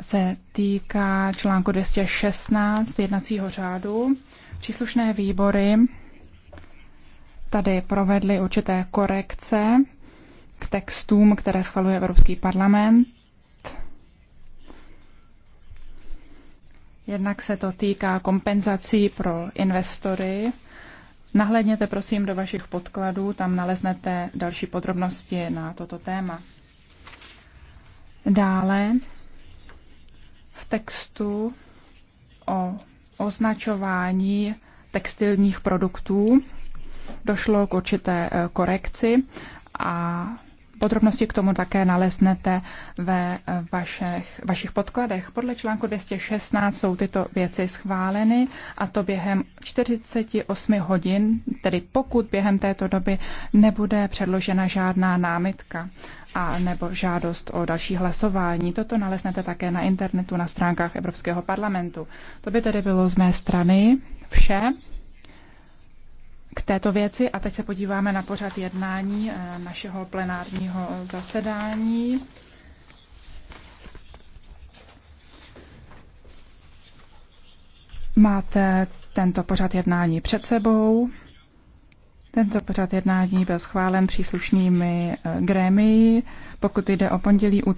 se týká článku 216 jednacího řádu. Příslušné výbory tady provedly určité korekce k textům, které schvaluje Evropský parlament. Jednak se to týká kompenzací pro investory. Nahlédněte prosím do vašich podkladů, tam naleznete další podrobnosti na toto téma. Dále textu o označování textilních produktů. Došlo k určité eh, korekci a Podrobnosti k tomu také naleznete ve vašech vašich podkladech. Podle článku 216 jsou tyto věci schváleny a to během 48 hodin, tedy pokud během této doby nebude předložena žádná námitka a nebo žádost o další hlasování. Toto naleznete také na internetu na stránkách Evropského parlamentu. To by tedy bylo z mé strany vše této věci a teď se podíváme na pořad jednání eh, našeho plenárního zasedání. Máte tento pořad jednání před sebou. Tento pořad jednání byl schválen příslušnými eh, grémy. Pokud jde o pondělí, úterý,